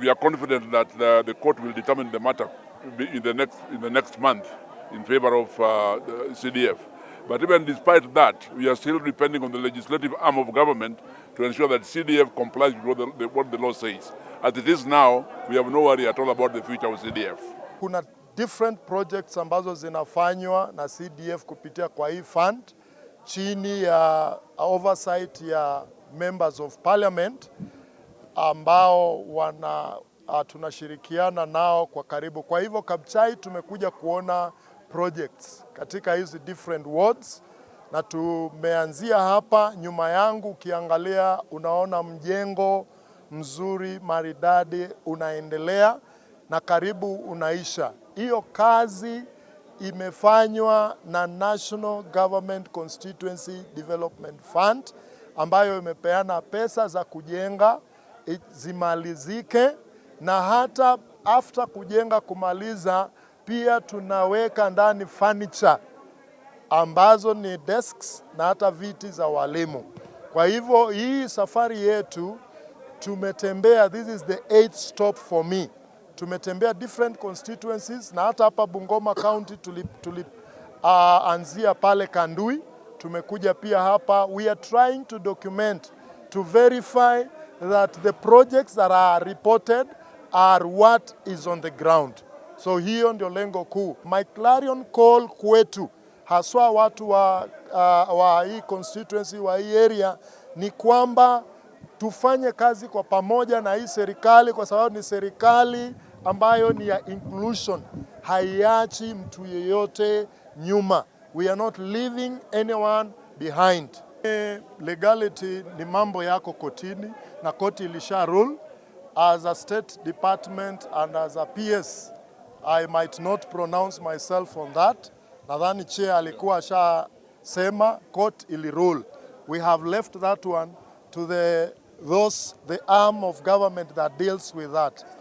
We are confident that the, the court will determine the matter in the next, in the next month in favor of uh, CDF. But even despite that, we are still depending on the legislative arm of government to ensure that CDF complies with what the, the, what the law says. As it is now, we have no worry at all about the future of CDF. Kuna different projects ambazo zinafanywa na CDF kupitia kwa hii fund chini ya oversight ya members of parliament ambao wana uh, tunashirikiana nao kwa karibu. Kwa hivyo kapchai tumekuja kuona projects katika hizi different wards na tumeanzia hapa. Nyuma yangu ukiangalia, unaona mjengo mzuri maridadi unaendelea na karibu unaisha. Hiyo kazi imefanywa na National Government Constituency Development Fund ambayo imepeana pesa za kujenga zimalizike, na hata after kujenga kumaliza, pia tunaweka ndani furniture ambazo ni desks na hata viti za walimu. Kwa hivyo hii safari yetu tumetembea, this is the eighth stop for me. Tumetembea different constituencies na hata hapa Bungoma County tulianzia uh, pale Kandui, tumekuja pia hapa. We are trying to document to verify that the projects that are reported are what is on the ground. So hiyo ndio lengo kuu. My clarion call kwetu haswa watu wa, uh, wa hii constituency wa hii area ni kwamba tufanye kazi kwa pamoja na hii serikali, kwa sababu ni serikali ambayo ni ya inclusion, haiachi mtu yeyote nyuma. We are not leaving anyone behind. Eh, legality ni mambo yako kotini na koti ilisha rule. As a State Department and as a PS I might not pronounce myself on that. Nadhani chair alikuwa sema court ili rule. We have left that one to the those the arm of government that deals with that.